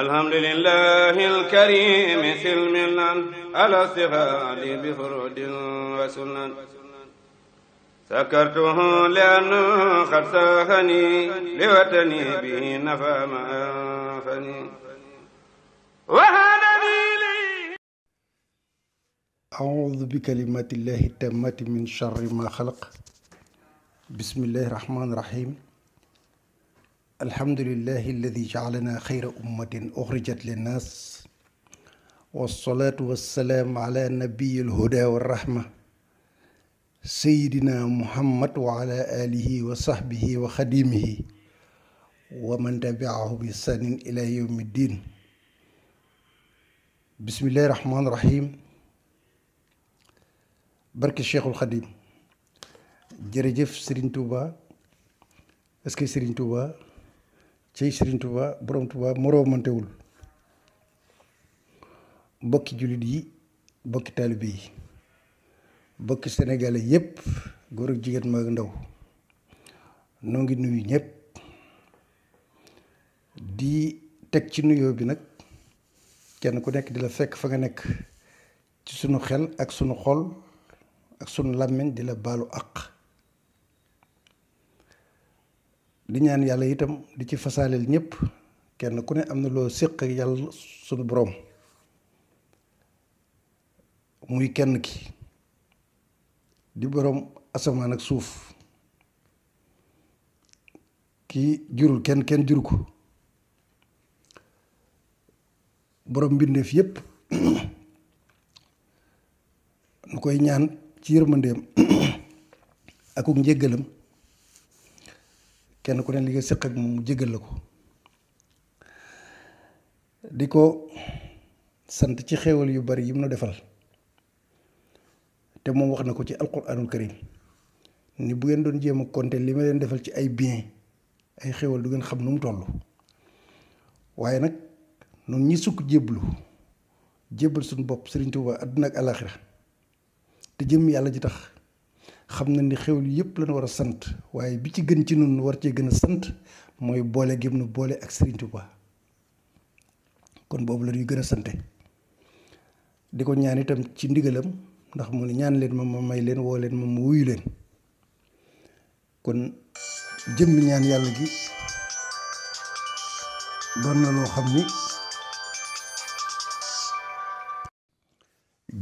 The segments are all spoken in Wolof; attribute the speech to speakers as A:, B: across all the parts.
A: الحمد لله
B: الكريم سلم على استغال بفرود وسنن سكرته لأنه قد ساخني لوطني به نفى ما أنفني وهدني لي أعوذ بكلمات الله التامة من شر ما خلق بسم الله الرحمن الرحيم alhamdulillahi alladi jaalana xayra ummatin uxrijat linnaas wassalaatu wassalaam ala nabiyi alhuda warrahma sayidina muhammad wa ala alihi wa sahbihi wa xadimihi wa man tabiahu bi ihsanin ila yowmi ddin bismillahi rahmaani rahim barke cheikhul xadim jërëjëf Serigne Touba est-ce que Serigne Touba ci Serigne Touba borom Touba moroomantewul bokki jullit yi bokki taalibe yi bokki sénégalais yépp góor ak jigéen mag ndaw noo ngi nuyu ñépp di teg ci nuyoo bi nag kenn ku nekk di la fekk fa nga nekk ci sunu xel ak sunu xol ak sunu làmmiñ di la baalu àq di ñaan yàlla itam di ci fasaaleel ñépp kenn ku ne am na loo séq ak yàlla suñu boroom muy kenn ki di boroom asamaan ak suuf ki jurul kenn kenn juru ko boroom mbindeef yépp nu koy ñaan ci yërmandeem ak njéggalam kenn ku ne li nga séq ak moom mu jégal la ko di ko sant ci xewal yu bari yim na defal te moom wax na ko ci alquranul karim ni bu ngeen doon jéema a compter li ma leen defal ci ay bien ay xewal du ngeen xam nu mu toll waaye nag noonu ñi sukk jéblu jébbal suñu bopp Sëriñ Tuuba àdduna ak àllaaxira te jëm yàlla ji tax xam na ni xéwlu yëpp lañu war a sant waaye bi ci gën ci noonu war cee gën a sant mooy boole gim nu boole ak Serigne Touba kon boobu la ñuy gën a sante di ko ñaan itam ci ndigalam ndax moo ne ñaan leen ma ma may leen woo leen ma mu wuyu leen kon jëmmi ñaan yàlla gi doon na loo xam ni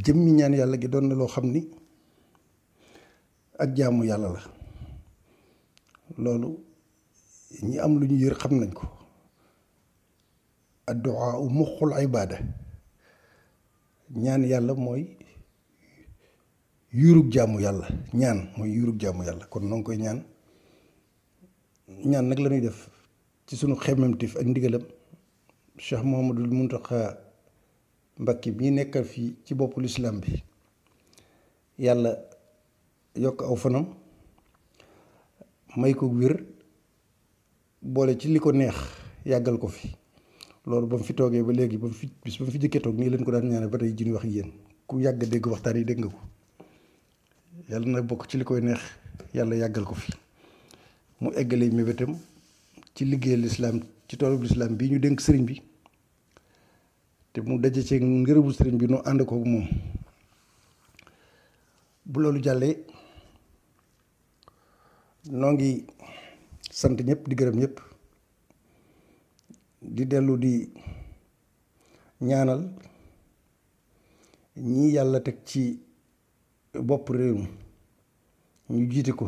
B: jëmmi ñaan yàlla gi doon na loo xam ni ak jaamu yàlla la loolu ñi am lu ñu yër xam nañ ko adduwaa muxul ibaada ñaan yàlla mooy yuurug jàmm yàlla ñaan mooy yuurug jaamu yàlla kon noo ngi koy ñaan ñaan nag la def ci sunu xemmemtif ak ndigalam Cheikh Mouhamadul Muntaxa Mbàkke bi nekkal fii ci boppu lislaam bi yàlla yokk aw fanam may ko wér boole ci li ko neex yàggal ko fi loolu ba mu fi toogee ba léegi ba mu fi bis ba mu fi jëkkee toog nii leen ko daan ñaanal ba tey jii wax yéen ku yàgg dégg waxtaan yi dégg nga ko yàlla na bokk ci li koy neex yàlla yàggal ko fi mu eggalee mébétam ci liggéeyal lislaam ci toolu lislaam bi ñu dénk sëriñ bi te mu daje ci ngërëbu sëriñ bi nu ànd ko moom bu loolu jàllee noo ngi sant ñëpp di gërëm di dellu di ñaanal ñii yàlla teg ci bopp réew ñu jiite ko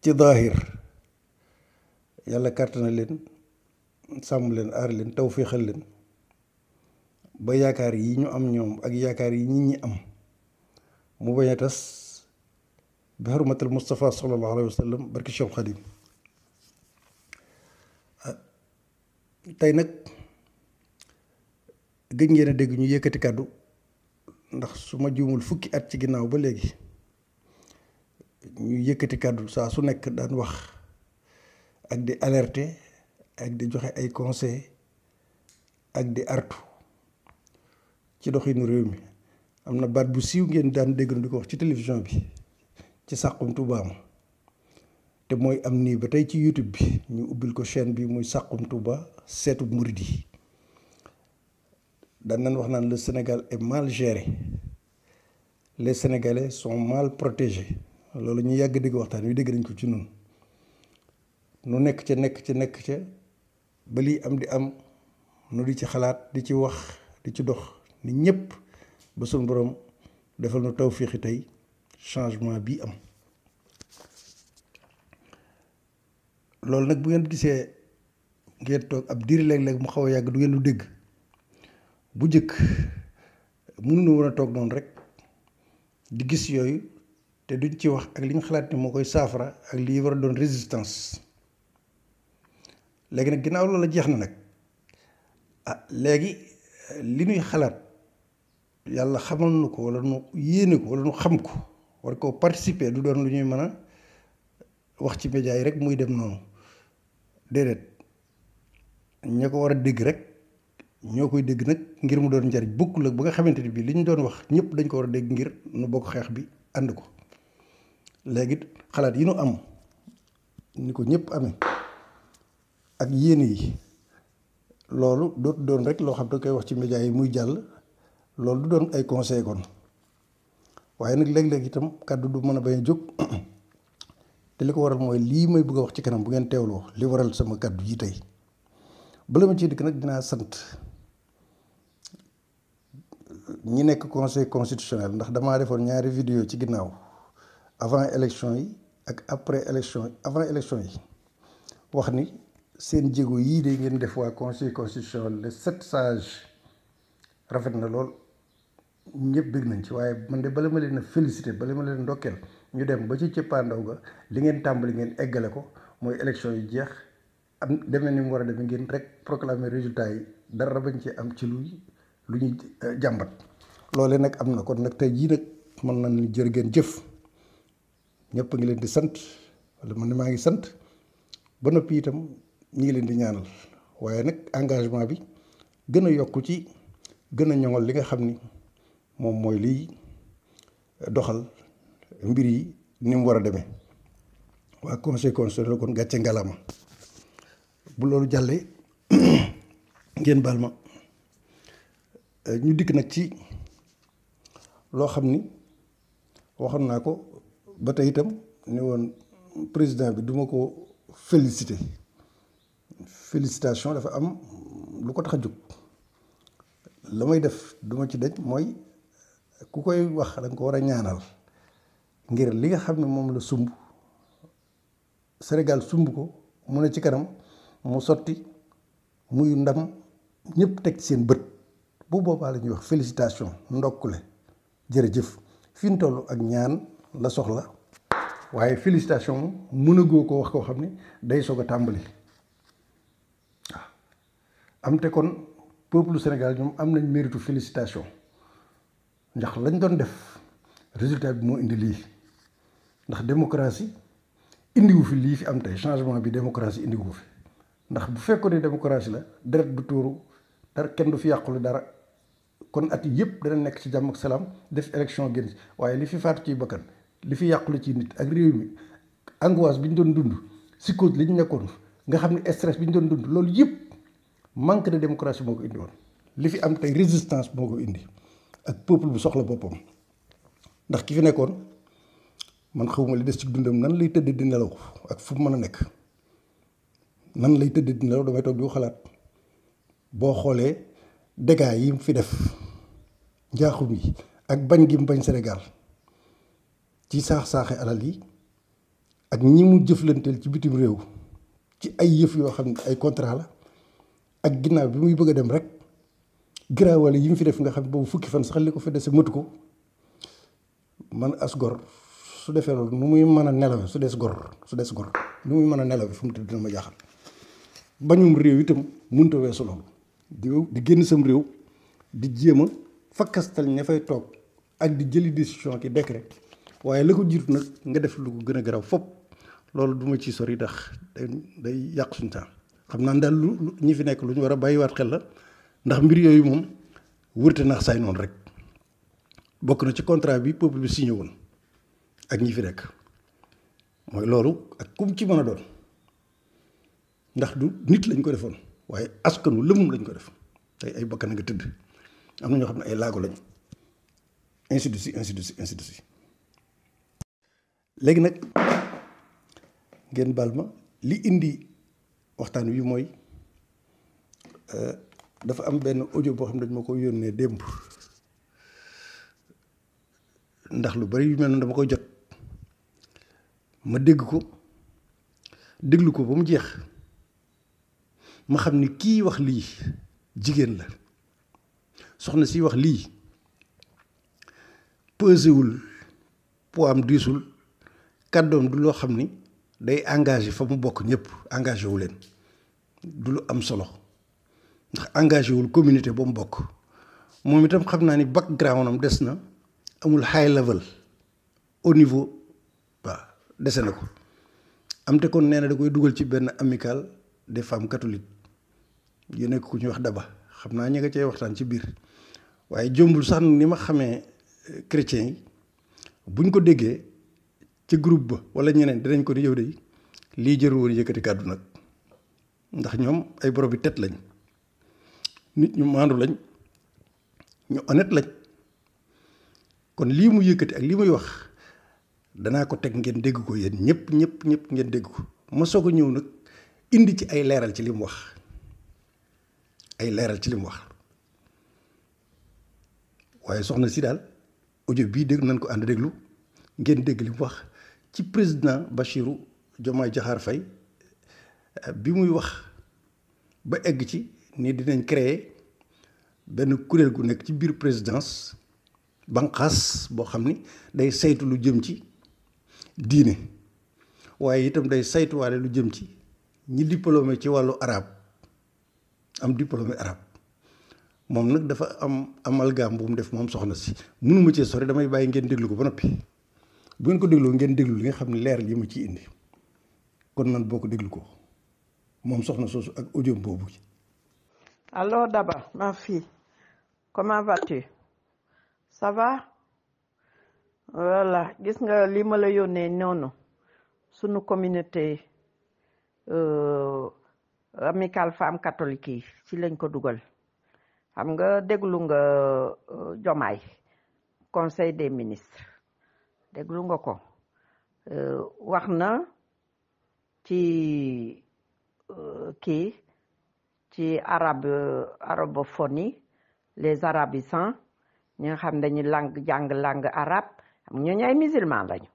B: ci daahir yàlla kàttan na leen sàmm leen aar leen tawféexal leen ba yaakaar yi ñu am ñoom ak yaakaar yi nit ñi am mu bañ a tas bi xurmatal Moustapha sallallahu alayhi wa sallam barki Cheikh Xadim tey nag gëj ngeen a dégg ñu yëkkati kàddu ndax su ma juumul fukki at ci ginnaaw ba léegi ñu yëkkati kàddu saa su nekk daan wax ak di alerte ak di joxe ay conseil ak di artu ci doxinu réew mi am na baat bu siiw ngeen daan dégg di ko wax ci télévision bi. ci Saxum Touba am te mooy am nii ba tey ci YouTube bi ñu ubbil ko chaîne bi muy Saxum Touba seetu murid di daan nañ wax naan le Sénégal est mal géré les Sénégalais sont mal protégés loolu ñu yàgg dégg waxtaan wi dégg nañ ko ci noonu nu nekk ca nekk ca nekk ca ba lii am di am nu di ci xalaat di ci wax di ci dox ni ñëpp ba suñu boroom defal nu tawféexi tey changement bi am loolu nag bu ngeen gisee ngeen toog ab diir léeg-léeg mu xaw a yàgg du ngeen lu dégg bu njëkk mënuñu woon a toog noonu rek di gis yooyu te duñ ci wax ak li ñu xalaat ni moo koy saafara ak lii war a doon résistance léegi nag ginnaaw loola jeex na nag ah léegi eh, li ñuy xalaat yàlla xamal nu ko wala nu yéene ko wala nu xam ko war koo participer du doon lu ñuy man a wax ci média yi rek muy dem noonu déedéet ña ko war a dégg rek ñoo koy dégg nag ngir mu doon njariñ bokkul la ba nga xamante ni bii li ñu doon wax ñëpp dañ ko war a dégg ngir nu bokk xeex bi ànd ko léegi xalaat yi nu am ni ko ñëpp amee ak yéene yi loolu dootu doon rek loo xam da koy wax ci média yi muy jàll loolu du doon ay conseil kon waaye nag léeg-léeg itam kàddu du mën a bañ a jóg te li ko waral mooy lii may bëgg wax ci kanam bu ngeen teewloo li waral sama kàddu yi tey bala ma ciy dikk nag dinaa sant ñi nekk conseil constitutionnel ndax damaa defoon ñaari video ci ginnaaw avant élection yi ak après élection avant élection yi wax ni seen jéego yii de ngeen def waa conseil constitutionnel le sept sage rafet na lool ñëpp bëgg nañ ci waaye man de bale ma leen a félicité bale ma leen ndokkeel ñu dem ba ci cëppaandaw ga li ngeen tàmbali ngeen eggale ko mooy élection yu jeex am demee ni mu war a demee génn rek proclamer résultat yi dara bañ ci am ci lu lu ñuy euh, jàmbat. loolee nag am na kon nag tey jii nag mën nañ ni jërë ngeen jëf ñëpp ngi leen di sant wala man maa ngi sant ba noppi itam ñu ngi leen di ñaanal waaye nag engagement bi gën a yokk ci gën a ñoŋal li nga xam ni. moom mooy liy doxal mbir yi ni mu war a demee waa conseil constitutionnel kon gàcce ngalaama bu loolu jàllee ngeen baal ma euh, ñu dikk nag ci loo xam ni waxoon naa ko ba tey itam ne woon président bi duma ko félicité félicitation dafa am lu ko tax a jóg la may def duma ci daj mooy ku koy wax da ko war a ñaanal ngir li nga xam ne moom la sumb Sénégal sumb ko mu ne ci kanam mu sotti muy ndam ñëpp teg ci seen bët bu boobaa la ñuy wax félicitation ndokkule jërëjëf fi mu toll ak ñaan la soxla waaye félicitation mënagoo ko wax koo xam ni day soog a tàmbali waaw am te kon peuple Sénégal ñoom am nañ méritu félicitation. ndax lañ doon def résultat bi moo indi lii ndax démocratie wu fi lii fi am tey changement bi démocratie indiwu fi ndax bu fekkoon ne démocratie la deret bu tuuru dara kenn du fi yàqulu dara kon at yi yëpp dana nekk ci jàmm ak salaam def élection génn waaye li fi faatu ci bakkan li fi yàqul ci nit ak réew mi angoisse bi ñu doon dund psychose li ñu nekkoon nga xam ne stress bi ñu doon dund loolu yëpp manque de démocratie moo ko indi woon li fi am tey résistance moo ko indi ak peuple bu soxla boppam ndax ki fi nekkoon man xawma li des ci dundam nan lay tëdd di nelaw ak fu mu mën a nekk nan lay tëdd di nelaw damay toog di xalaat boo xoolee dégâts yi mu fi def njaaxum yi ak bañ gi mu bañ Sénégal ci saax saaxe alal yi ak ñi mu jëflanteel ci bitim réew ci ay yëf yoo xam ne ay contrat la ak ginnaaw bi muy bëgg a dem rek. giraawale yi mu fi def nga xam boobu fukki fan sax li ko fi dese mëtu ko man as gor su defee loolu nu muy mën a nelawe su des gor su des gor nu muy mën a nelawe fu mu tëdd dina ma jaaxal bañum réew itam mënut a weesu di di génn sam réew di jéem a fakkastal ña fay toog ak di jëli décision yi décret waaye la ko jiitu nag nga def lu ko gën a garaaw fop loolu duma ma ci sori ndax day day yàq suñu temps xam naa daal lu ñi fi nekk lu ñu war a bàyyiwaat xel la ndax mbir yooyu moom wërte nax saay noonu rek bokk na ci contrat bi peuple bi signé woon ak ñi fi nekk mooy loolu ak kum ci mën a doon ndax du nit lañ ko defoon waaye askanu lëmm lañ ko def tey ay bakkan nga tëdd am na ñoo xam ne ay laago lañu ainsi de suite ainsi de suite léegi nag ngeen baal ma li indi waxtaan wi mooy euh, dafa am benn audio boo xam ne dañ ma ko yónnee démb ndax lu bari yu mel noonu dama koy jot ma dégg ko déglu ko ba mu jeex ma xam ni kii wax lii jigéen la soxna si wax lii pesewul poids diisul kàddoom du loo xam ni day engagé fa mu bokk ñëpp engagé wu leen du lu am solo ndax engagé wul communauté ba mu bokk moom itam xam naa ni background am des na amul high level au niveau waa dese na ko am te kon nee na da koy dugal ci benn amical des femmes catholiques yu nekk ku ñuy wax daba xam naa ña nga cay waxtaan ci biir waaye jombul sax ni ma xamee euh, chrétiens yi buñ ko déggee ci groupe ba wala ñeneen dinañ ko ni yow de lii jër woon yëkkati kàddu nag ndax ñoom ay borom bi lañ nit ñu maandu lañ ñu honnête lañ kon lii mu yëkkati ak lii muy wax danaa ko teg ngeen dégg ko yéen ñëpp ñëpp ñëpp ngeen dégg ko ma soog a ñëw nag indi ci ay leeral ci li wax ay leeral ci li wax waaye soxna si daal ojo bii dégg nañ ko ànd déglu ngeen dégg li wax ci président Bachirou jomaa Diakhar Faye bi muy wax ba egg ci ni dinañ créer benn kuréel gu nekk ci biir présidence banqaas boo xam ni day saytu lu jëm ci diine waaye itam day saytuwaale lu jëm ci ñi diplômé ci wàllu arab am diplômé arab moom nag dafa am am bu mu def moom soxna si mënuma cee sori damay bàyyi ngeen déglu ko ba noppi bu ngeen ko dégloo ngeen déglu li nga xam ne leer yi ma ciy indi kon nan boo ko déglu ko moom soxna soosu ak audio boobu
A: Alors Daba, ma fille, comment vas-tu? Ça gis nga li ma la yónnee noonu sunu communauté euh, amicale catholique yi ci lañ ko dugal xam nga déglu nga uh, Jomaay conseil des ministres déglu nga ko euh, wax na ci uh, kii. ci arabe arabophonie les arabisants ñi nga xam dañuy lang jàng lang arabe xam ñooñu musulman lañu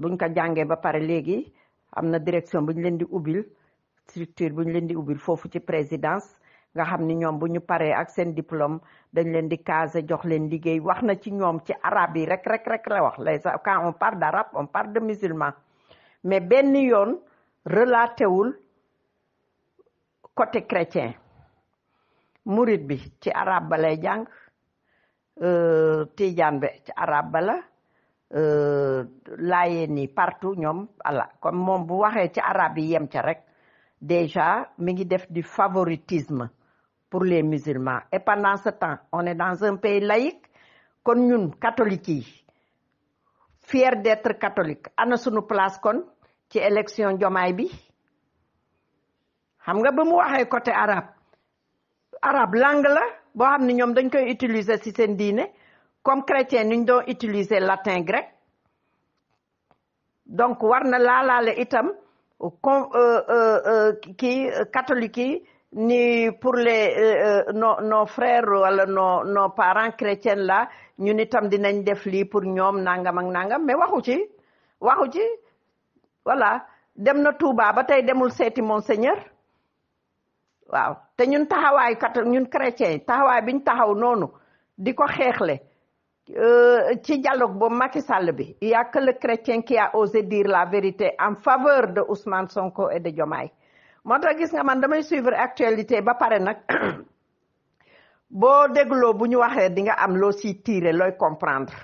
A: buñ ko jàngee ba pare léegi am na direction buñ ñu leen di ubbil structure bu ñu leen di ubbil foofu ci présidence nga xam ni ñoom bu ñu paree ak seen diplôme dañ leen di caser jox leen liggéey wax na ci ñoom ci arab yi rek rek rek la wax les quand on parle d'arabe on parle de musulman mais benn yoon relatewul côté chrétien murit bi ci arab ba lay jàng euh, tijaan bi ci arab ba la euh, laayee ni partout ñoom ala comme moom bu waxee ci arab yi yem ca rek déjà mi ngi def di favoritisme pour les musulmans et pendant ce temps on est dans un pays laïque kon ñun catholiques yi fier d'être catholique ana sunu place kon ci élection jomaay bi xam nga ba mu waxee côté arabe arabe lang la boo xam ne ñoom dañ koy utiliser ci seen diine comme chrétien ni doon utiliser latin grec donc war na laalaale itam con euh, euh, euh, kii catholique yi ni pour le nos nos frères wala nos nos parents chrétiens la ñun itam dinañ def lii pour ñoom nangam ak nangam mais waxu ci waxu ci voilà dem na Touba ba tey demul seeti monseigneur waaw te ñun taxawaay kat ñun chrétien taxawaay bi ñu taxaw noonu di ko xeexle euh, ci dialogue boobu Macky Sall bi il y le chrétien qui a osé dire la vérité en faveur de Ousmane Sonko et de Diomaye moo tax gis nga man damay suivre actualité ba pare nag boo dégloo bu ñu waxee di nga am loo siy tirer looy comprendre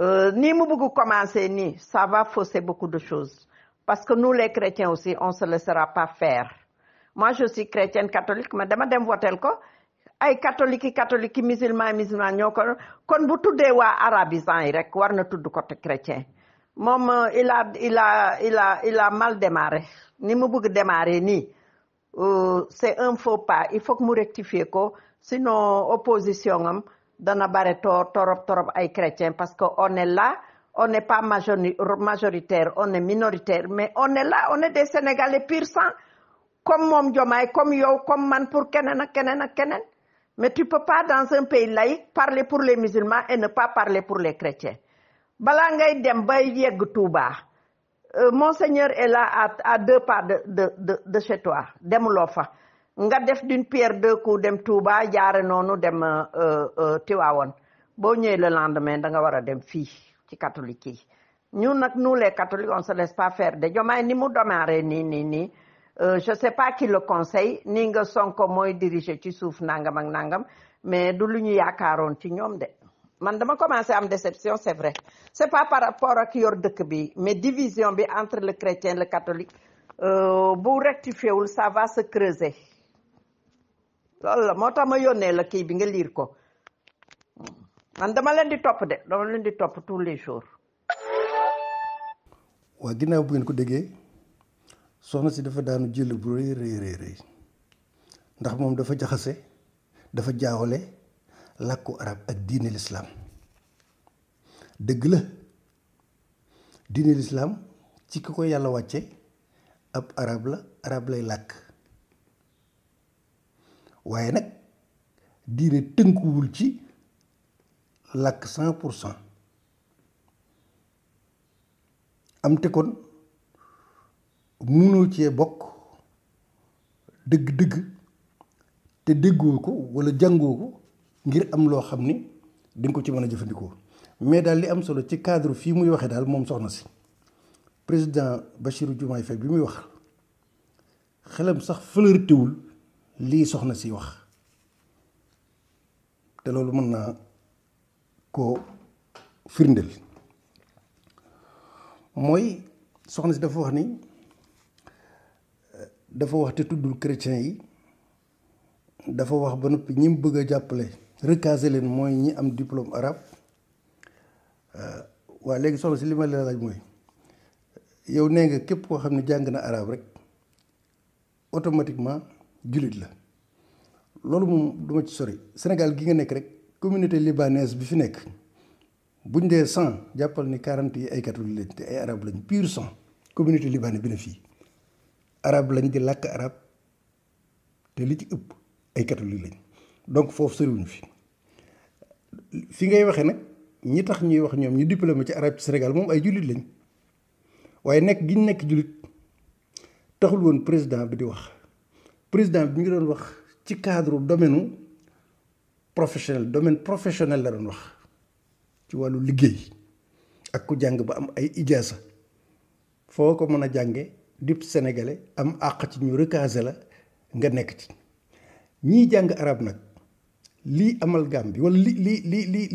A: euh, nii mu bëgg commencer nii ça va fausser beaucoup de choses parce que nu les chrétiens aussi on se laissera pas faire moi je suis chrétienne catholique ma dama dem woteel ko ay catholique yi catholique yi musulman yi musulman ñoo ko kon bu tuddee waa arabisant yi rek war na tudd côté chrétien moom euh, il a il a il a il a mal démarré ni mu bëgg démarré nii euh, c'est un faux pas il faut que mu rectifier ko sinon opposition am dana bare to torop torop ay chrétien parce que on est là on n'est pas majoritaire on est minoritaire mais on est là on est des Sénégalais pur sang comme moom Diomaye comme yow comme man pour keneen ak keneen ak keneen mais tu peux pas dans un pays laïque parler pour les musulmans et ne pas parler pour les chrétiens balaa ngay dem bay yegg Touba euh, monseigneur est là à à deux pas de de de de chez toi demuloo fa nga def d'une pierre deux coups dem Touba jaare noonu dem euh, euh, Tiwaawoon boo ñëwee le lendemain da nga war a dem fii ci catholique yi ñun nag nous les catholiques on se laisse pas faire de Diomaye ni mu domaare nii nii nii Euh, je sais pas qui le conseille ni nga Sonko mooy diriger ci suuf nangam ak nangam mais du lu ñu yaakaaroon ci ñoom de man dama commencé am déception c'est vrai c'est pas par rapport ak yor dëkk bi mais division bi entre le chrétien le catholique euh, bu rectifié wul ça va creuser loolu la moo tax ma yónnee la kii bi nga liir ko man dama leen di topp de dama leen di topp tous les jours.
B: waa ginnaaw bu ngeen ko déggee. soxna si dafa daanu jël bu rëy rëy rëy ndax moom dafa jaxase dafa jaawale làkku arab ak diine lislaam dëgg la diine lislaam ci ki ko yàlla wàcce ab arab la arab lay làkk waaye nag diine tënkuwul ci làkk cent pour cent am te munoo cee bokk dëgg-dëgg te déggoo ko walla jàngoo ko ngir am loo xam ni di ko ci mën a jëfandikoo mais daal li am solo ci cadre fii muy waxee daal moom soxna si président Bassirou Diomaye Faye bi muy wax xelam sax fëlërtewul lii soxna si wax te loolu mën naa koo firndeel mooy soxna si dafa wax ni dafa wax te tuddul chrétien yi dafa wax ba noppi ñi bëgg a jàppale recaser leen mooy ñi am diplôme arabe euh, waa léegi soxna si li ma laaj mooy yow nee nga képp koo xam ne jàng na arabe rek automatiquement jullit la loolu moom duma ci sori Sénégal gi nga nekk rek communauté libanaise bi fi nekk buñ dee cent jàppal ni quarante yi ay catholique lañ te ay arabe lañ pur sang communauté libanaise bi na fii arab lañ di làkk arab te li ci ëpp ay catholique lañ donc foofu soriwuñ fi fi ngay waxee nag ñi tax ñuy wax ñoom ñu diplômé ci arab ci Sénégal moom ay jullit lañ waaye nekk gi ñu nekk jullit taxul woon président bi di wax président bi ñu ngi doon wax ci cadre domaine professionnel domaine professionnel la doon wax ci wàllu liggéey ak ku jàng ba am ay ijaasa foo ko mën a jànge dip sénégalais am àq ci ñu recasé la nga nekk ci ñiy jàng arab nag lii amalgame bi wala li li li li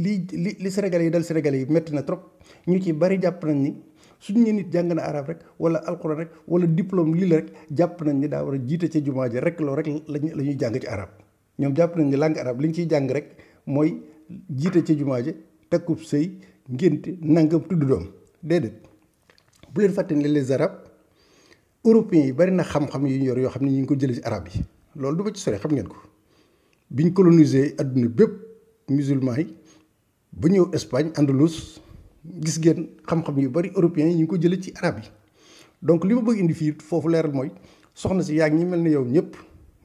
B: li li sénégalais yi dal sénégalais yi métti na trop ñu ci bari jàpp nañ ni suñ ne nit jàng na arab rek wala alquran rek wala diplôme lii la rek jàpp nañ ni daa war a jiite ca jumaa ji rek loo rek lañ la ñuy jàng ci arab ñoom jàpp nañ ni langue arab li ñu ciy jàng rek mooy jiite ci jumaa ji takkub sëy ngénte nang tudd doom déedéet bu leen fàtte ne européens yi bari na xam-xam yu ñu yor yoo xam ne ñu ngi ko jëlee ci arab yi loolu du ma ci sore xam ngeen ko biñ colonisé adduna bépp musulman yi ba ñëw Espagne Andalus gis ngeen xam-xam yu bari européens yi ñu ngi ko jëlee ci arab yi donc li ma bëgg indi fii foofu leeral mooy soxna si yaa ngi mel ne yow ñëpp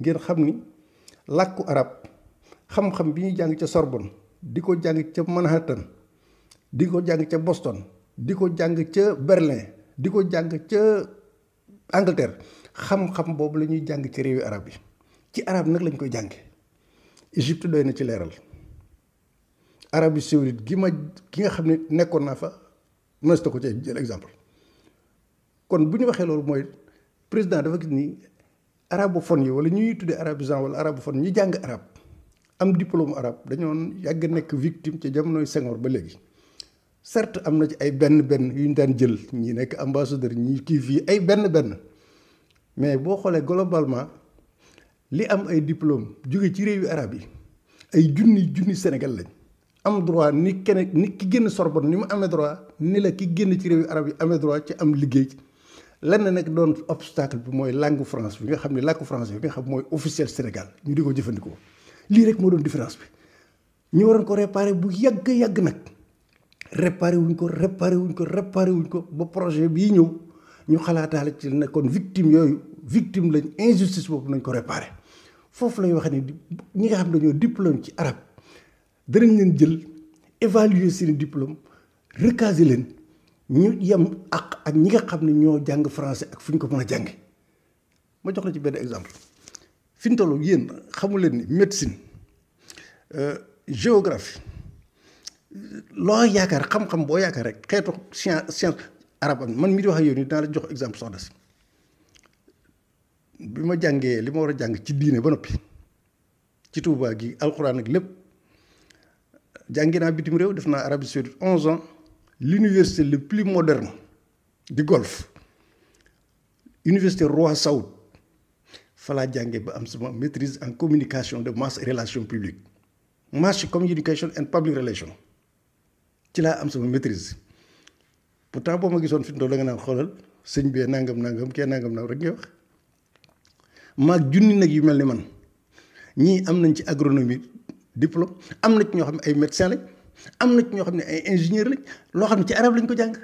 B: ngeen xam ni làkku arab xam-xam bi ñu jàng ca sorbon di ko jàng ca Manhattan di ko jàng ca Boston di ko jàng ca Berlin di ko jàng ca. Angleterre xam-xam boobu la ñuy jàng ci wi arab yi ci arab nag lañ koy jànge Égypte doy na ci leeral Arabie saoudite gi ma gi nga xam ne nekkoon naa fa mënees na ko ci jël exemple kon bu ñu waxee loolu mooy président dafa gis ni arabophone yi wala ñuy tuddee arabisant wala arabophone ñi jàng arab am diplôme arab dañoo yàgg nekk victime ci jamonoy Senghor ba léegi certes am na ci ay benn benn yu ñu daan jël ñi nekk ambassadeur ñi kii fii ay benn benn mais boo xoolee globalement li am ay diplôme jóge ci yu arab yi ay junni junni Sénégal lañ am droit ni keneen ni ki génn Sorbonne ni mu amee droit ni la ki génn ci réewi arab yi amee droit ci am liggéey lan la nekk doon obstacle bi mooy langue France bi nga xam ne làkku france bi nga xam mooy officiel Sénégal ñu di ko jëfandikoo lii rek moo doon différence bi ñu waroon ko réparer bu yàgg yàgg nag. réparé wuñ ko réparé wuñ ko réparé wuñ ko ba projet bii ñëw ñu xalaataale ci ne kon victime yooyu victime lañ injustice boobu nañ ko réparé foofu la ñu wax ne ñi nga xam ne dañoo diplôme ci arab danañ leen jël évaluer seen diplôme recaser leen ñu yem ak ak ñi nga xam ne ñoo jàng français ak fu ñu ko mën a jànge ma jox la ci benn exemple fi ñu toll yéen xamu leen ni médecine euh, géographie loo yaakaar xam-xam boo yaakaar rek xeetu science science arabe am man mii di wax ak yi nii dinaa la jox exemple soxna si bi ma jàngee li ma war a jàng ci diine ba noppi ci Touba gi alxuraan ak lépp jàngi naa bitim réew def naa Arabie Saoudite onze ans l'université le plus moderne du Golfe université Roi Saoud fa jàngee jànge ba am sama maîtrise en communication de masse et relations publiques mass communication and public relations ci laa am sama maîtrise pourtant boo ma gisoon fi mu toll nga naan xoolal sëñ bee nangam nangam kee nangam nangam rek ngay wax maag junni nag yu mel ni man ñii am nañ ci agronomie diplôme am na ci ñoo xam ne ay médecin lañ am na ci ñoo xam ne ay ingénieur lañ loo xam ne ci arab lañ ko jàng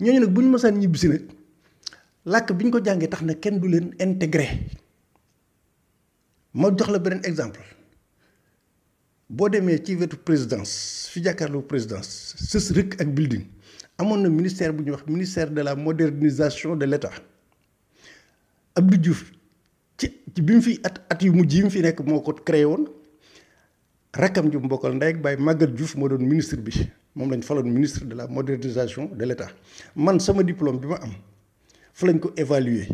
B: ñooñu nag bu ñu mosaan ñibbisi nag làkk bi ñu ko jàngee tax na kenn du leen intégré ma jox la beneen exemple. boo demee ci wetu présidence fi jàkkaarloo présidence sës rëkk ak building amoon na ministère bu ñuy wax ministère de la modernisation de l' état Abdou ci ci bi mu fi at at yu mujj yi mu fi nekk moo ko créé woon rakkam ju mu bokkal ndey ak Baye Maguette Diouf moo doon ministre bi moom lañ faloon ministre de la modernisation de l' man sama diplôme bi ma am fa lañ ko évaluer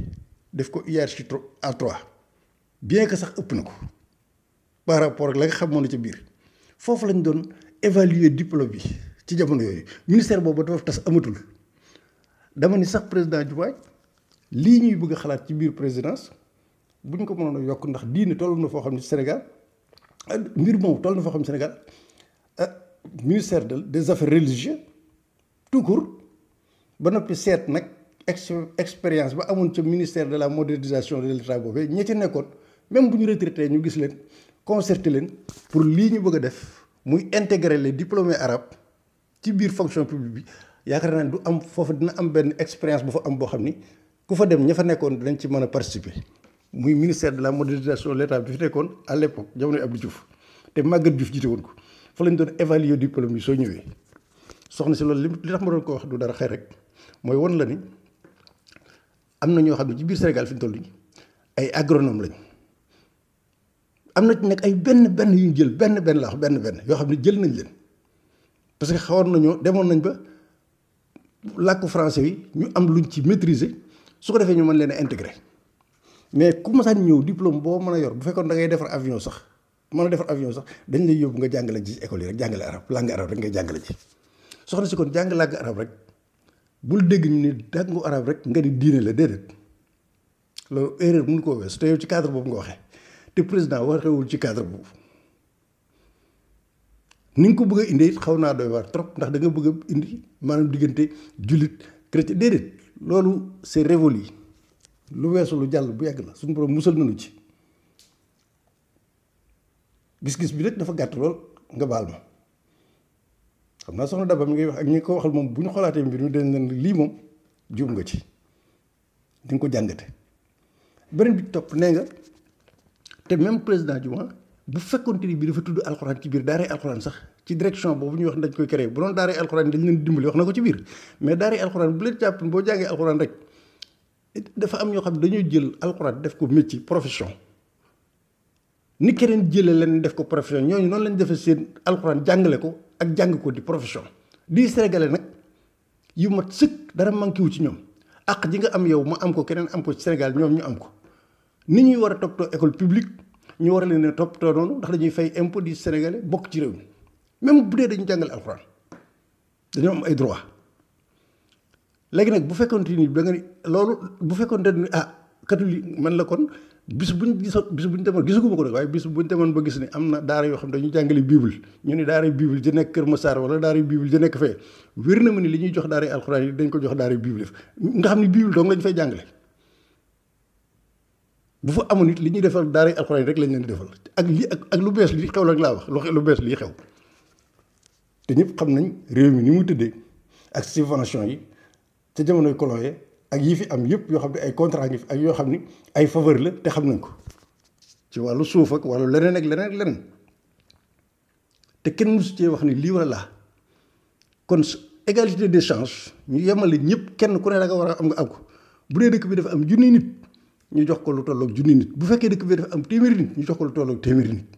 B: def ko hiérarchie A3 bien que sax ëpp na ko par rapport ak la nga na ci biir. foofu lañ doon évaluer diplôme bi ci jamono yooyu ministère boobu dafa tas amatul dama ni sax président Diomaye lii ñuy bëgg a xalaat ci biir présidence bu ñu ko mënoon yokk ndax diine toll na foo xam ne Sénégal mbir moom toll na foo xam ne Sénégal ah, ministère des affaires religieuses tout ba noppi seet nag ex expérience ba amoon ca ministère de la modernisation de l'État boobee ñi ci nekkoon même bu ñu retraité ñu gis leen. concerté leen pour lii ñu bëgg a def muy intégrer les diplômés arab ci biir fonction publique bi yaakaar naa ne du am foofu dina am benn expérience bu fa am boo xam ni ku fa dem ña fa nekkoon dinañ ci mën a participer. muy ministère de la modernisation de l'état bi fi nekkoon à l'époque jamono Abdou Diouf te Maguette Diouf jiite woon ko fa lañu doon évaluer diplôme yi soo ñëwee soxna si loolu li tax ma doon ko wax du dara xëy rek mooy won la ni am na ñoo xam ne ci biir Sénégal fi ñu toll nii ay agronome lañ. am na ci nag ay benn benn yu ñu jël benn benn la wax benn benn yoo xam ne jël nañ leen parce que xawoon nañoo demoon nañ ba làkku français yi ñu am luñ ci maîtriser su ko defee ñu mën leen a mais ku masaan ñëw diplôme boo mën a yor bu fekkoon da ngay defar avion sax mën a defar avion sax dañ lay yóbbu nga jàngale ji école yi rek jàngale arab langue arab rek ngay jàngale ji soxna si kon jàng langue arab rek bul dégg ñu ni dàngu arab rek nga di diine la déedéet loolu erreur mun koo wees te yow ci cadre boobu nga waxee te président waxewul ci cadre boobu ni nga ko bëgg a indi xaw naa doy waar trop ndax da nga bëgg a indi maanaam diggante jullit chrétien déedéet loolu c'est révolu lu weesu lu jàll bu yàgg la suñu borom musal nañu ci gis-gis bi rek dafa gàtt lool nga baal ma xam naa soxna Daba mi ngay wax ak ñi ko waxal moom bu ñu xolaatee mbir mi dañ leen lii moom juum nga ci di ko jàngate beneen bi topp nee nga. te même président juma bu fekkoonte ni bi dafa tudd alxuraan ci biir daaray alxuraan sax ci direction boobu ñuy wax dañ koy créé bu doon daaray alxuraan dañ leen dimbali wax na ko ci biir mais daaray alxuraan bu leen jàpp boo jàngee alxuraan rek dafa am ñoo xam ne jël alxuraan def ko métier profession. ni keneen jëlee leen def ko profession ñooñu noonu lañ defee seen alxuraan jàngale ko ak jàng ko di profession di sénégalais nag yu mat sëkk dara manqué wu ci ñoom ak ji nga am yow ma am ko keneen am ko Sénégal ñoom ñu am ko. ni ñuy war a toppatoo école publique ñu war a leen a toppatoo noonu ndax dañuy fay impot di sénégalais bokk ci réew mi même bu dee dañu jàngale alxuraan dañoo am ay droit léegi nag bu ni da nga ni loolu bu fekkonte ah, ba gis ni am na daara yoo xam dañu jàngale bible ñu ni daara bible di nekk Kër Massar wala daara bible di nekk fee wér na ma ni li ñuy jox daara alxuraan yi dañ ko jox daara bible nga xam ni bible dong lañ fay jàngale bu fa amoon it li ñuy defal daaray alxuraan rek lañ leen di defal ak li ak ak lu bees lii xew rek laa wax lu bees lii xew te ñëpp xam nañ réew mi ni mu tëddee ak subvention yi ca jamonoy colon ak yi fi am yëpp yoo xam ne ay contrat ngi fi ak yoo xam ne ay faveur la te xam nañ ko ci wàllu suuf ak wàllu leneen ak leneen ak leneen te kenn mësu cee wax ni lii war a laa kon égalité de chances ñu yemale ñëpp kenn ku ne da war a am nga am ko bu dee dëkk bi dafa am junni nit. ñu jox ko lu tolloog junni nit bu fekkee dëkk bi dafa am téeméeri nit ñu jox ko lu tolloog téeméeri nit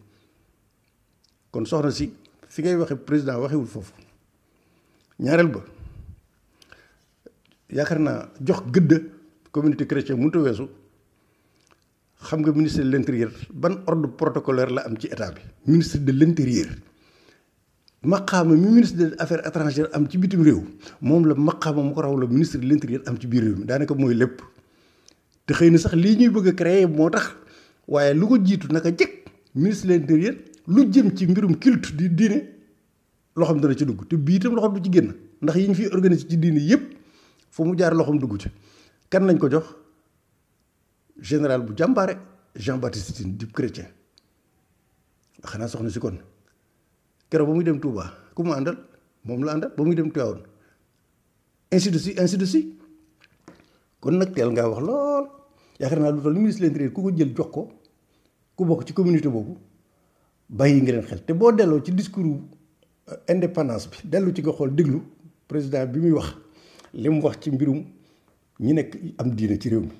B: kon soxna si fi ngay waxe président waxewul foofu ñaareel ba yaakaar naa jox gëdd communauté chrétienne mënut a weesu xam nga ministre de l' intérieur ban ordre protocolaire la am ci état bi ministre de l' intérieur maqaama mi ministre des affaires étrangères am ci bitim réew moom la maqaama mu ko raw la ministre de am ci biir réew mi daanaka mooy lépp te xëy na sax lii ñuy bëgg a créer moo tax waaye lu ko jiitu naka jëkk ministre de l'intérieur lu jëm ci mbirum culte di diine loxoom dana ci dugg te bii tam loxoom du ci génn ndax yi ñu fiy organise ci diine yëpp fu mu jaar loxoom dugg ci kan lañ ko jox général bu jàmbaare Jean Baptiste Tine di chrétien xanaa soxna si kon keroog ba muy dem Touba ku mu àndal moom la àndal ba muy dem Tivaouane ainsi de suite ainsi kon nag teel ngaa wax lool yaakaar naa lu toll ministre de l'intérieur ku ko jël jox ko ku bokk ci communauté boobu bàyyi nga leen xel te boo delloo ci discours euh, indépendance bi dellu ci nga xool déglu président bi muy wax li mu wax ci mbirum ñi nekk am diine ci réew mi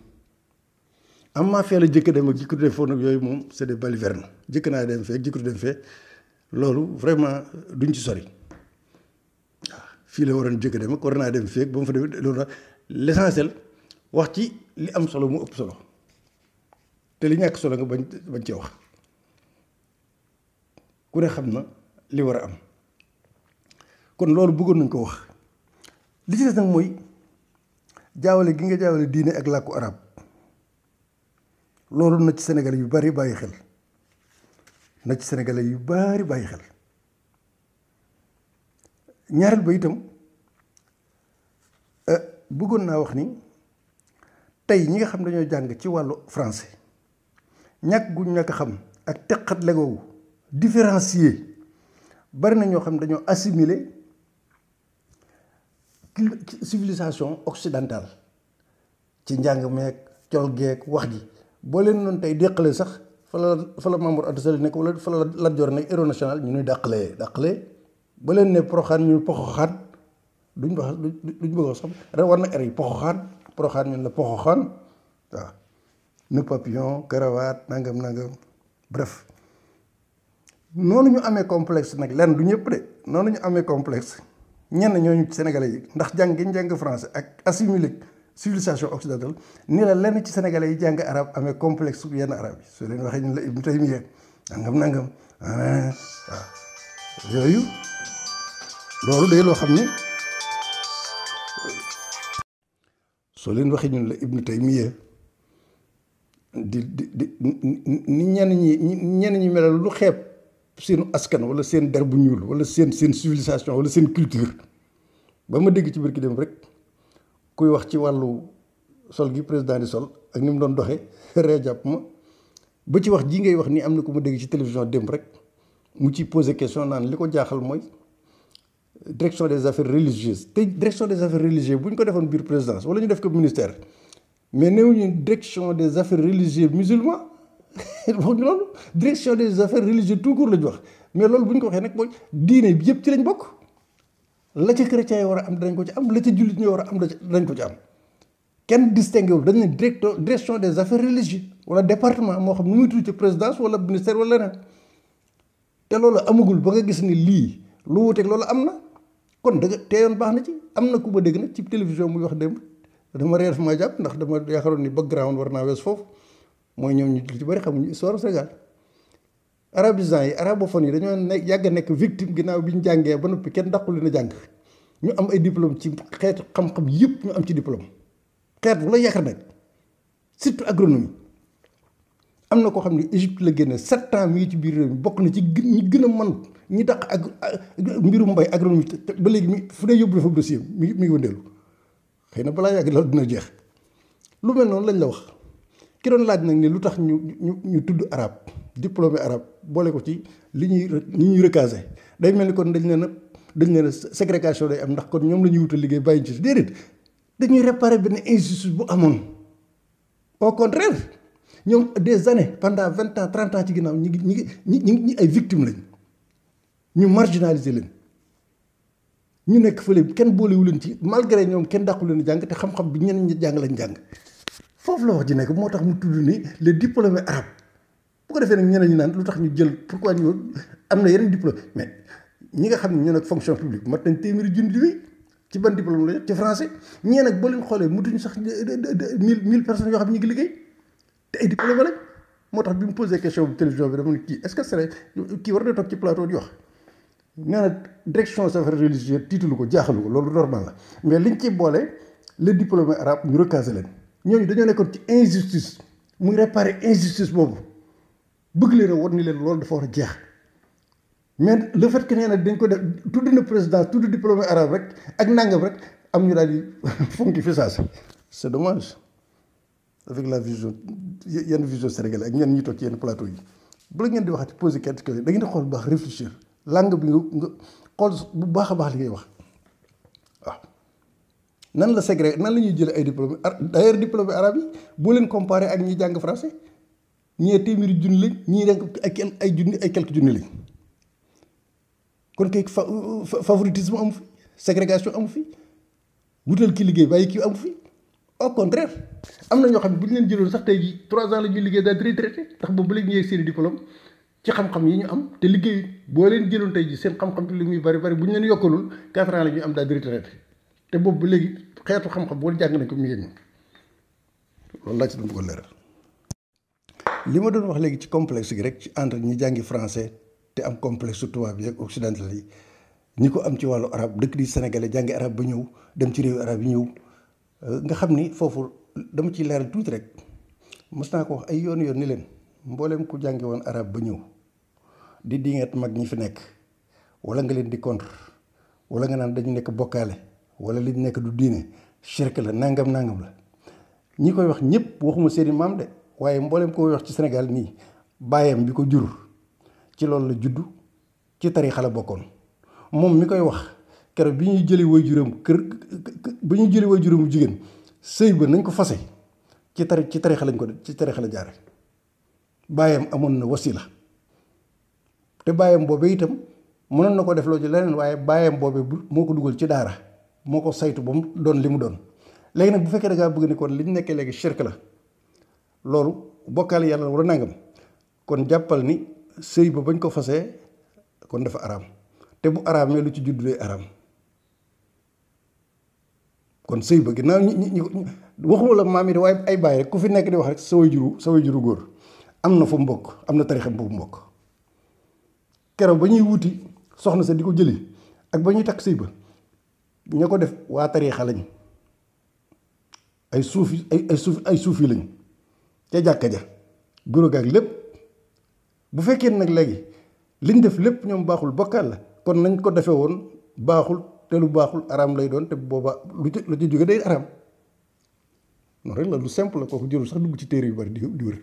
B: am maa fee jëkk dem ak jëkk dem foofu nag yooyu moom c'est des balivernes jëkk naa dem fee jëkk dem fee loolu vraiment duñ ci sori waaw fii la waroon jëkk dem ak war naa dem fee ba mu fa demee loolu nag l'essentiel wax ci li am solo mu ëpp solo te li ñàkk solo nga bañ bañ cee wax ku ne xam na li war a am kon loolu bëggoon nañ ko wax li ci des nag mooy jaawale gi nga jaawale diine ak làkku arab loolu na ci Sénégal yu bari bàyyi xel na ci sénégalais yu bari bàyyi xel ñaareel ba itam eh, bëggoon naa wax ni tey ñi nga xam dañoo jàng ci wàllu francais ñàkk guñ ñàkk xam ak teqat legoogu différencier bari na ñoo xam dañoo assimile civilisation occidentale ci njàng meeg col geeg wax ji boo leen noonu tey déqale sax fa la fa la Mamour Anta nekk wala fa la Lat Joor nekk héros national ñu nuy dàqalee dàqalee ba leen ne poroxaan ñu poxoxaan duñ wax duñ bëgg a wax war na er yi poxoxaan poroxaan ñun la poxoxoon waaw nu papillon karawaat nangam nangam bref noonu ñu amee complexe nag lenn du ñëpp de noonu ñu amee complex ñenn ñooñu sénégalais yi ndax jàng gi jàng français ak assimilé civilisation occidentale nii la lenn ci sénégalais yi jàng arab amee complexe yenn arab yi su leen waxee ñun la Ibn Taymiya nangam nangam ah, yooyu loolu day loo xam ni soo leen waxee ñun la ibnu taymiya di di di ni ñenn ñi ñenn ñi melal lu xeeb seen askan wala seen der bu ñuul wala seen seen civilisation wala seen culture ba ma dégg ci biir dem rek kuy wax ci wàllu sol gi président di sol ak ni mu doon doxee ree jàpp ma ba ci wax ji ngay wax ni am na ko ma dégg ci télévision démb rek mu ci posé question naan li ko jaaxal mooy direction des affaires religieuses te direction des affaires religieuses bu ñu ko defoon biir présidence wala ñu def ko ministère mais néew ñu direction des affaires religieuses musulmans wax ñu loolu des affaires religieuses tout la ñu wax mais loolu bu ñu ko waxee nag mooy diine yëpp ci bokk la ca chrétien war am danañ ko ci am la ca jullit war a am danañ ko ci am kenn distingué wul dañ ne directeur direction des affaires religieuses wala département moo xam nu muy tudd ci présidence wala ministère wala leneen te loolu amagul ba nga gis ni lii lu wuteeg loolu am na. kon da te teeyoon baax na ci am na ku ma dégg nag ci télévision muy wax démb dama reer fu ma jàpp ndax dama yaakaaroon ni background war naa wees foofu mooy ñoom ñu ci bëri xamuñu histoire Sénégal arabisants yi arabophone yi dañoo ne yàgg nekk victime ginnaaw bi ñu jàngee ba noppi kenn dàqu leen jàng ñu am ay diplôme ci xeetu xam-xam yëpp ñu am ci diplôme xeet bu la yaakaar nag surtout agronomie am na koo xam ne Égypte la génne sept ans ngi ci biir réew bokk na ci ñi gën a man ñi daq ak mbirum mbay agronomie ba léegi mi fu ne yóbbu la fa dossier mi mi ngi wëndeelu xëy na balaa yàgg la dina jeex lu mel noonu lañu la wax ki doon laaj nag ni lu tax ñu ñu ñu tudd arab diplômé arabe boole ko ci li ñuy li ñuy recasé day mel ni kon dañ leen na dañ leen a ségrégation day am ndax kon ñoom la ñuy wutal liggéey bàyyi ci déedéet dañuy réparer benn injustice bu amoon au contraire ñoom des années pendant vingt ans trente ans ci ginnaaw ñi ngi ñi ngi ñi ay victimes lañ ñu marginaliser leen ñu nekk fële kenn boolewu leen ci malgré ñoom kenn dàqu leen jàng te xam-xam bi ñeneen ñi jàng lañ jàng foofu la nekk moo tax mu tudd ni les diplômés arabes bu ko defee nag ñeneen ñi naan lu tax ñu jël pourquoi ñu am na yeneen diplôme mais ñi nga xam ne ñoo nag fonction publique mat nañ téeméeri junni bi ci ban diplôme la ci français ñee nag boo leen xoolee mutuñu sax mille mille personnes yoo xam ne ngi liggéey te ay diplôme lañ moo tax bi mu posé question bu télévision bi dama ne kii est-ce que c'est kii war na nee na direction des affaires religieuses tiitalu ko jaaxalu ko loolu normal la mais liñ ci boole les diplômés arabes ñu recasé leen ñooñu dañoo nekkoon ci injustice muy réparer injustice boobu bëgg leen a war ni leen loolu dafa war a jeex mais le fait que nee na dañ ko def tudd na président tudd diplômé arabe rek ak nangam rek am ñu daal di funki fi saasi c'est dommage avec la vision yenn vision sénégalaise ak ñenn ñi ci yenn plateau yi bala ngeen langue bi nga xool bu baax a baax li ngay wax waaw nan la segre nan lañuy ñuy jëlee ay diplôme d'ailleurs diplôme arabe yi boo leen ak ñi jàng français ñee téeméeri junni lañ ñii rek ay ay junni ay quelques junni lañ kon kay favoritisme amu fi ségrégation amu fi wutal ki liggéey bàyyi kii amu fi au contraire am na ñoo xam ne bu ñu leen jëloon sax tey jii trois ans la ñuy liggéey daal di retraité ndax boobu ba léegi ñu ci xam-xam yi ñu am te liggéey boo leen jëloon tey ji seen xam-xam li muy bari bari bu ñu leen yokkalul quatre ans la ñuy am te boobu ba léegi xeetu xam-xam boo ko mu ngi loolu laa li ma doon wax léegi ci complexe gi rek ci entre ñi jàngi français te am complexe tubaab yi ak occidental ñi ko am ci wàllu arab dëkk di sénégalais arab ba ñëw dem ci réew arab ñëw nga xam ni foofu dama ciy leeral tuuti rek mës naa ko wax ay yoon yoon ni leen mbooleem ku jàngi woon arab ba ñëw di dingat mag ñi fi nekk walla nga leen di contre wala nga naan dañu nekk bokkaale wala li nekk du diine shirk la nangam nangam la ñi koy wax ñëpp waxuma seeni maam de waaye mbooleem ko wax ci Sénégal nii baayam bi ko jur ci loolu la juddu ci tariixa la bokkoon moom mi koy wax keroog bi ñuy jëli way juróom kër bi ñuy jëli way juróom jigéen sëy ba nañ ko fase ci tari ci tariixa lañ ko de ci tariixa la jaare baayam amoon na wasila te baayam boobe itam mënoon na ko def loo leneen waaye baayam bu moo ko dugal ci daara moo ko saytu ba mu doon li mu doon léegi nag bu fekkee da bëgg ni kon li ñu nekkee léegi shirk la loolu bokkaale yàlla war a nangam kon jàppal ni sëy ba bañ ko fasee kon dafa araam te bu araamee lu ci juddu lay araam kon sëy ba ginnaaw ñi ñi waxuma la maam yi waaye ay baay rek ku fi nekk di wax rek sa way juru sa way juru góor am na fu mbokk am na tarixam bu mbokk bokk ba ñuy wuti soxna sa di ko jëli ak ba ñuy takk sëy ba ñu ko def waa tarixa lañ ay suufi ay ay suuf ay suufi lañ ca jàkka ja guróog ak lépp bu fekkee nag léegi liñ def lépp ñoom baaxul bokkaal la kon nañ ko defe woon baaxul te lu baaxul araam lay doon te booba lu ci lu ci jóge day araam noonu rek la lu simple la kooku jëlul sax dugg ci téere yu bari di di wër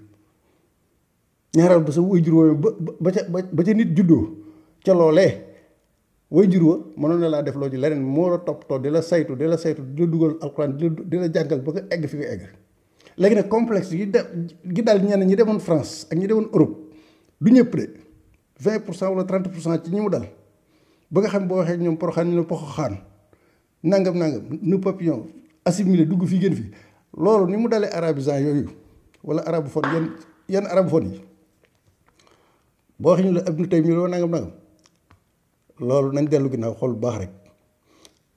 B: ñaareel ba sa waajur woowu ba ba ca ba ca nit juddoo ca loolee waajur wa mënoon na laa def loo ji leneen moo la toppatoo di la saytu di la saytu di la dugal alxuraan di la jàngal ba nga egg fi nga egg léegi nag complexe yi de gi daal ñenn ñi demoon France ak ñi demoon Europe du ñëpp de vingt pour cent wala trente pour cent ci ñi mu dal ba nga xam boo waxee ñoom poroxaan ñu ne poxoxaan nangam nangam nu papillon assimilé dugg fii génn fi loolu ni mu dalee arabisant yooyu wala arabophone yan yan arabophone yi. boo waxee ñu la Ibnu Taymiya la nangam nangam loolu nañ dellu ginnaaw xool bu baax rek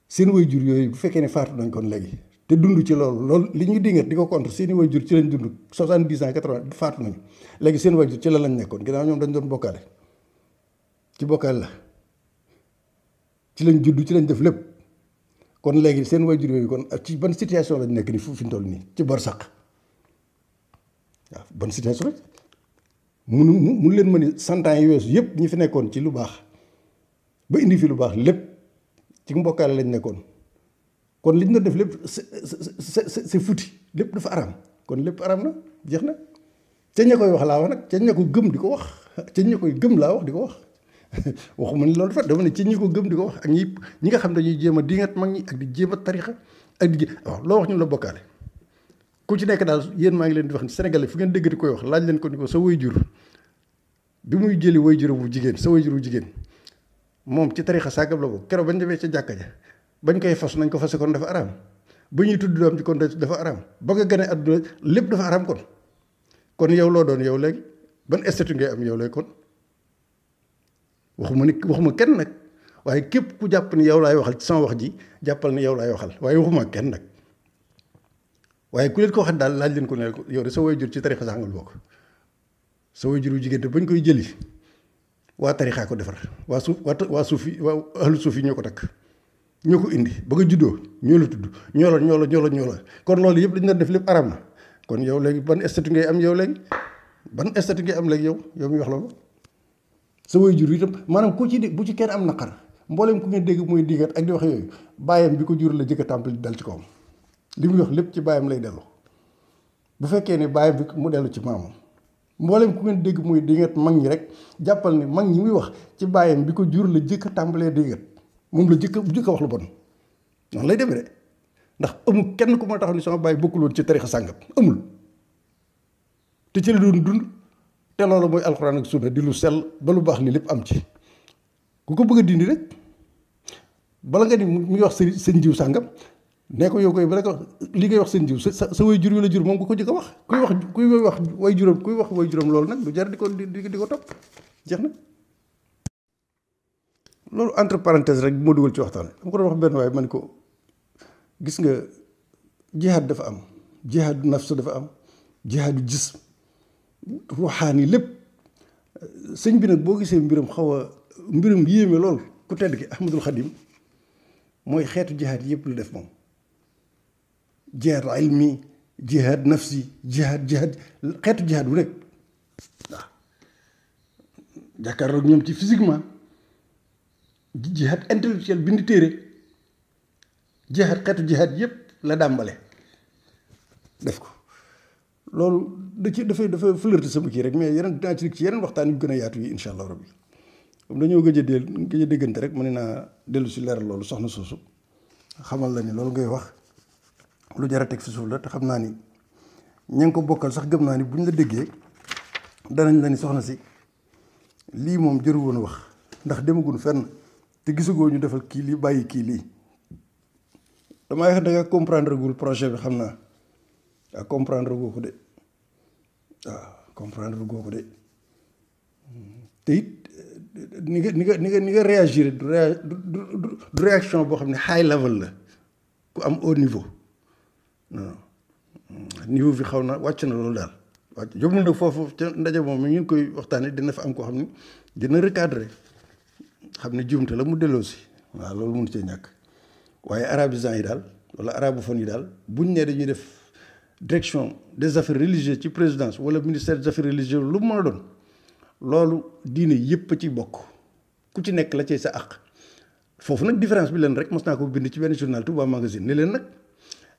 B: seen jur yooyu bu fekkee ne faatu nañ kon léegi te dund ci loolu lool li ñuy dingat di ko contre seen jur ci lañ dund soixante-dix ans quatre-vingts faatu nañu léegi seen way jur ci la lañ nekkoon ginnaaw ñoom dañ doon bokkaale ci bokkaale la ci lañ juddu ci lañ def lépp kon léegi seen way jur yooyu kon ak ci ban situation lañ nekk ni fu fi ñu toll nii ci barsàq waaw ban situation munu mun leen ma ni cent ans yi yëpp ñi fi nekkoon ci lu baax ba indi fi lu baax lépp ci mbokkaale lañ nekkoon kon liñ doon def lépp c'est futi lépp dafa araam kon lépp araam na jeex na ca ña koy wax laa wax nag ca ña ko gëm di ko wax ca ne koy gëm laa wax di ko wax waxuma ni loolu fa dama ne ci ñi ko gëm di ko wax ak ñi ñi nga xam dañuy jéem a diingat mag ñi ak di jéem a tarixa ak di waaw loo wax ñu la bokkaale ku ci nekk daal yéen maa ngi leen di wax ni sénégalais fu ngeen déggati koy wax laaj leen ko ni ko sa way jur bi muy jëli way jur bu jigéen sa way jur bu jigéen moom ci tarixa sàggam la bokk keroog bañ demee ca jàkka ja bañ koy fas nañ ko fase kon dafa araam bu ñuy tudd doom ci kon dafa araam ba nga gane àdduna lépp dafa araam kon kon yow loo doon yow léegi ban statut ngay am yow léegi kon waxuma ni waxuma kenn nag waaye képp ku jàpp ni yow laay waxal ci sama wax ji jàppal ni yow laay waxal waaye waxuma kenn nag waaye ku leen ko xam daal laaj leen ko ne yow de sa way jur ci tarixa sax nga bokk sa way juru jigéen bañ koy jëli waa tarixaa ko defar waa suuf waa suuf yi waa suuf yi ñoo ko takk ñoo ko indi ba nga juddoo ñoo la tudd ñoo la ñoo la ñoo la ñoo la kon loolu yëpp dañu doon def lépp aram na kon yow léegi ban statut ngay am yow léegi ban statut ngay am léegi yow yow mi wax loolu sa jur yi tam maanaam ku ci de bu ci kenn am naqar mbooleem ku ngeen dégg mooy digat ak di wax yooyu bàyyam bi ko jur la jëkk a tàmpali ci kawam li muy wax lépp ci baayam lay dellu bu fekkee ni baayam bi mu dellu ci maamam mboolem ku ngeen dégg di dingat mag ñi rek jàppal ne mag ñi muy wax ci baayam bi ko jur la jëkk a tàmbalee dingat moom la jëkk jëkk a wax lu bon noonu lay demee de ndax amul kenn ku ma taxaw ni sama baay bokkul woon ci tarixa sàngam amul te ci la doon dund te loolu mooy alxuraan ak sunna di lu sel ba lu baax ni lépp am ci ku ko bëgg dindi rek bala nga ni muy wax sëñ jiw sàngam ne ko yow koy ba ko li ngay wax seen jur sa sa way jur yu la jur moom ko ko jëkk a wax kuy wax kuy wax way juróom kuy wax way juróom loolu nag du jar di ko di di ko topp jeex na loolu entre parenthèse rek bi ma dugal ci waxtaan dama ko doon wax benn waaye man ko gis nga jihaad dafa am jihaadu nafs dafa am jihaadu jism ruuxaani lépp sëñ bi nag boo gisee mbiram xaw a mbiram yéeme lool ku tedd ki Ahmadul Xadim mooy xeetu jihaad yëpp lu def moom jihaad ilmi jihaad nafsi jihaad jihaad xeetu jihaad bu rek waaw jàkkaarloog ñoom ci physiquement jihaad intellectuel bind téere jihaad xeetu jihaad yépp la dàmbale def ko loolu da ci dafay dafay flirte sama kii rek mais yeneen dinaa ci ci yeneen waxtaan yu gën a yaatu yi insha allah rabbi comme dañoo gëj a del gëj a déggante rek mën naa dellu si leeral loolu soxna soosu xamal la ne loolu ngay wax lu jar a teg fi suuf la te xam naa ni ña ngi ko bokkal sax gëm naa ni bu ñu la déggee danañ la ni soxna si lii moom jëru woon wax ndax demagul fenn te gisugoo ñu defal kii lii bàyyi kii lii damaa wax da nga comprendre gul projet bi xam naa comprendre goo de waaw comprendre goo ko de te it ni nga ni nga ni nga ni nga réagir du réaction boo xam ne high level la ku am haut niveau non niveau bi xaw na wàcc na loolu daal wàcc yóbbul nag foofu ca ndaje moom mi ñu ngi koy waxtaanee dina fa am koo xam ne dina recadrer xam ne juumte la mu delloo si waaw loolu mun cee ñàkk waaye arabisants yi daal wala arabophone yi daal buñ ne dañuy def direction de affaires religieuses ci présidence wala ministère des affaires lu mën a doon loolu diine yépp a ci bokk ku ci nekk la cay sa àq foofu nag différence bi leen rek mos naa ko bind ci benn journal Touba magazine ne leen nag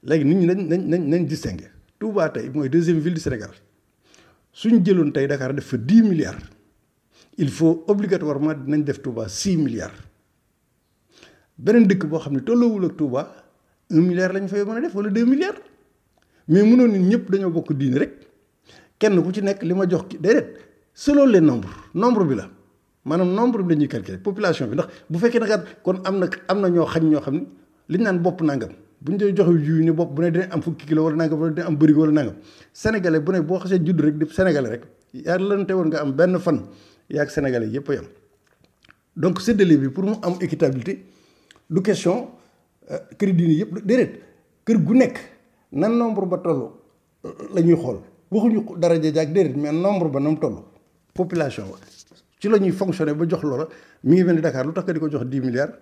B: léegi nit ñi nañ nañ nañ nañ distingué Touba tey mooy deuxième ville du Sénégal suñ jëloon tey Dakar def fa dix milliards il faut obligatoirement dinañ def Touba six milliards beneen dëkk boo xam ne tolloowul ak Touba un milliard lañ fay mën a def wala deux milliards mais munoon nit ñëpp dañoo bokk diine rek kenn ku ci nekk li ma jox ki déedéet selon les nombres nombre bi la maanaam nombre bi la ñuy calculer population bi ndax bu fekkee nag kon am na am na ñoo xañ ñoo xam ne li ñu naan bopp nangam. bu ñu doon joxe jiw ñu bopp bu ne dina am fukki kilo wala nangam wala dina am bërigo wala nangam sénégalais bu ne boo xasee judd rek di sénégalais rek yaa lante woon nga am benn fan yaa ak sénégalais yëpp a yam donc séddale bi pour mu am équitabilité du question kër euh, diine yëpp déedéet kër gu nekk nan nombre ba toll la ñuy xool waxuñu daraja jaag déedéet mais nombre ba na mu toll population ba ci la ñuy fonctionner ba jox loola mi ngi mel ni lu tax nga di ko jox dix milliards.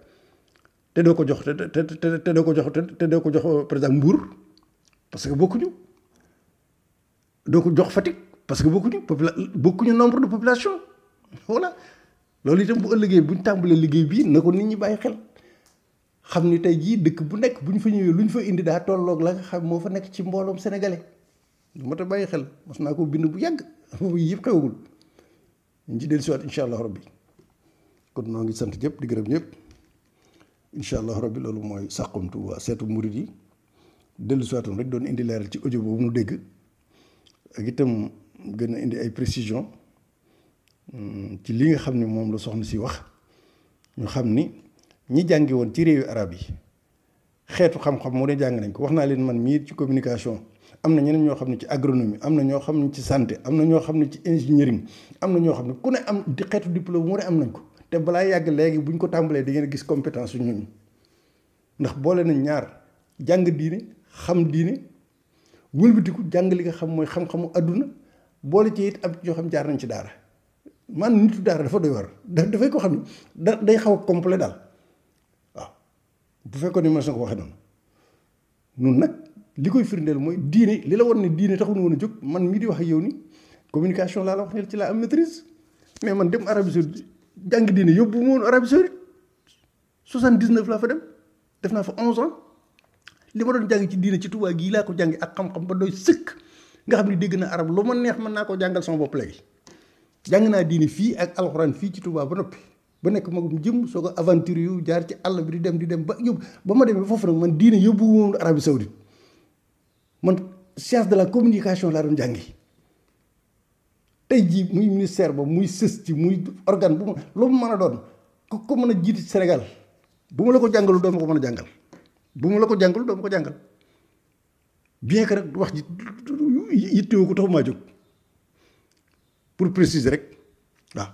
B: te doo ko jox te te te doo ko jox te doo ko jox par exemple Mbour parce que bokkuñu doo ko jox Fatick parce que bokkuñu popula bokkuñu nombre de population voilà loolu itam bu ëllëgee bu ñu tàmbalee liggéey bii na ko nit ñi bàyyi xel xam ni tey jii dëkk bu nekk bu ñu fa ñëwee lu ñu fa indi daa tolloog la nga xam moo fa nekk ci mbooloom sénégalais lu mat a bàyyi xel mas naa ko bind bu yàgg foofu yëpp xewagul ñu ci dellusiwaat incha allah rabbi kon noo ngi sant ñëpp di gërëm ñëpp. incha allah rabbi loolu mooy Saxum Touba seetu murit yi dellu si waatoon rek doon indi leeral ci audio boobu mu dégg ak itam gën a indi ay précision hmm, ci li nga xam ni moom la soxna si wax ñu xam ni ñi jàngi woon ci réewi arab yi xeetu xam-xam moo ne jàng nañ ko wax naa leen man mii ci communication am na ñeneen ñoo xam ne ci agronomie am na ñoo xam ne ci santé am na ñoo xam ne ci ingénierie am na ñoo xam ne ku ne am xeetu diplôme mu ne am nañ ko te balaa yàgg léegi bu ñu ko tàmbalee di ngeen gis compétence yu ñu ndax boole nañ ñaar jàng diine xam diine wëlbatiku jàng li nga xam mooy xam-xamu àdduna boole ci it ab yoo xam jaar nañ ci daara man nitu daara dafa doy war da dafay ko xam ne da day xaw a complet daal waaw bu fekkoon ne ma sa ko waxee noonu nun nag li koy firndeel mooy diine li la war ne diine taxul woon a jóg man mii di wax yow ni communication laa la wax ne ci laa am maîtrise mais man dem Arabie Saoudite jàngi diine yóbbu moon Arabie Saoudite soixante-dix-neuf laa fa dem def naa fa onze ans li ma doon jàng ci diine ci Tuubaa gii laa ko jàngi ak xam-xam ba doy sëkk nga xam ne dégg na arab lu ma neex mën naa koo jàngal sama bopp léegi jàng naa diine fii ak alxuraan fii ci Tuubaa ba noppi ba nekk magum jëm soo ko aventure yu jaar ci àll bi di dem di dem ba yóbbu ba ma demee foofu nag man diine yóbbu moon Arabie Saoudite man science de la communication la doon jàngi tey jii muy ministère ba muy sës ci muy organe bu ma loolu mën a doon ku ko mën a jiiti Sénégal bu ma la ko jàngalul doo ko mën a jàngal bu ma la ko jàngalul doo ma ko jàngal bien que rek wax ji yittewoo ko taxu maa jóg pour préciser rek waaw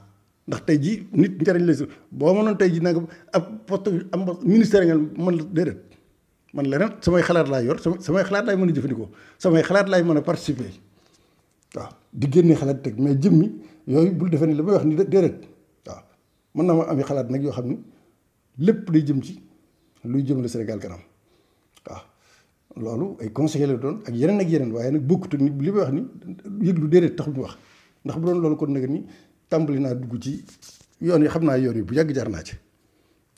B: ndax tey jii nit njëriñ la si boo mënoon tey jii nag ab poste am ministère nga mën la déedéet man leneen samay xalaat laay yor samay xalaat laay mën a jëfandikoo samay xalaat lay mën a participer. waaw di génne xalaat teg mais jëmmi yooyu bul defee ni li may wax ni déedéet waaw mën naa ma am xalaat nag yoo xam ni lépp day jëm ci luy jëmale Sénégal kanam waaw loolu ay conseillers doon ak yeneen ak yeneen waaye nag bokkut ni li may wax ni yëg lu déedéet taxul mu wax ndax bu doon loolu kon nag ni tàmbali naa dugg ci yoon yi xam naa yoon yi bu yàgg jar naa ci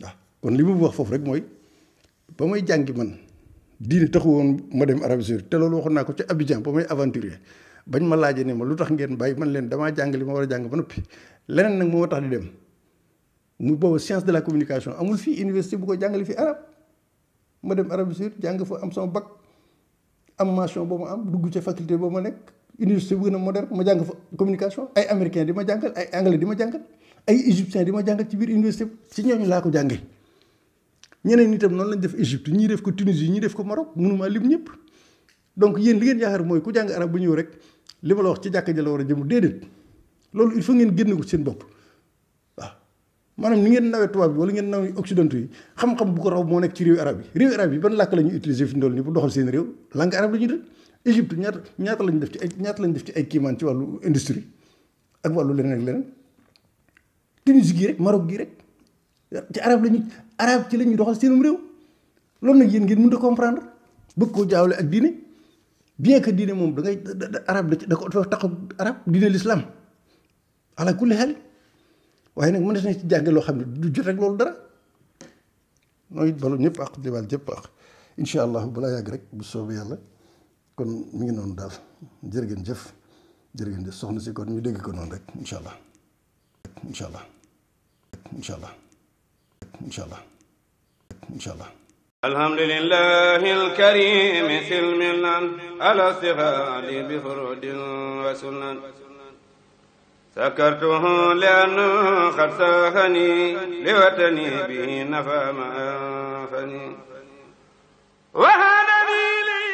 B: waaw kon li ma wax foofu rek mooy ba may jàngi man diine taxu woon ma dem Arabie te loolu waxoon ko ci Abidjan ba may aventurier bañ ma laaj ni ma lu tax ngeen bàyyi man leen damaa jàngale ma war a jàng ba noppi leneen nag moo tax di dem mu boobu science de la communication amul fii université bu ko jàngale fi arab ma dem Arabie Saoudite jàng am sama bac am mention boo ma am dugg ca faculté boo ma nekk université bu gën a moderne ma jàng fa communication ay américain di ma jàngal ay anglais di ma jàngal ay di ma jàngal ci biir université ci ñooñu laa ko jàngee ñeneen itam noonu lañ def Égypte ñii def ko Tunisie ñii def ko Maroc mënumaa lim ñëpp donc yéen li ngeen yaakaar mooy ku jàng arab bu ñëw rek li ma la wax ci jàkka ji la war a jëm déedéet loolu il faut ngeen génne seen bopp waaw maanaam ni ngeen nawee tubaab bi wala ngeen nawee occidentaux yi xam-xam bu ko raw moo nekk ci réew arab yi réew arab yi ban làkk la ñuy utiliser fi ndool ni bu doxal seen réew langue arab la ñuy def Égypte ñaata ñaata lañ def ci ay ñaata lañ def ci ay kiimaan ci wàllu industrie ak wàllu leneen ak leneen Tunisie gii rek Maroc gii rek ci arab la ñuy ci la ñuy doxal seenum réew loolu nag yéen ngeen mën a comprendre bëgg koo jaawale ak diine bien que diine moom da ngay arab da ko dafa arab diine lislaam ala kulli xel waaye nag mënees na ci jànge loo xam ne du jot rek loolu dara nooy balu ñëpp ak di baal jëpp ak incha allah balaa yàgg rek bu soobee yàlla kon mi ngi noonu daal jëf jërë ngeen jëf soxna si kon ñu dégg ko noonu rek incha allah incha allah incha allah incha allah incha allah alhamdulillahi alkarimi silmilan alastighali bi furudin wa sunan sakartuhu lianna qad sahani
A: liwatani bihi nafa ma anfani
B: wa hadani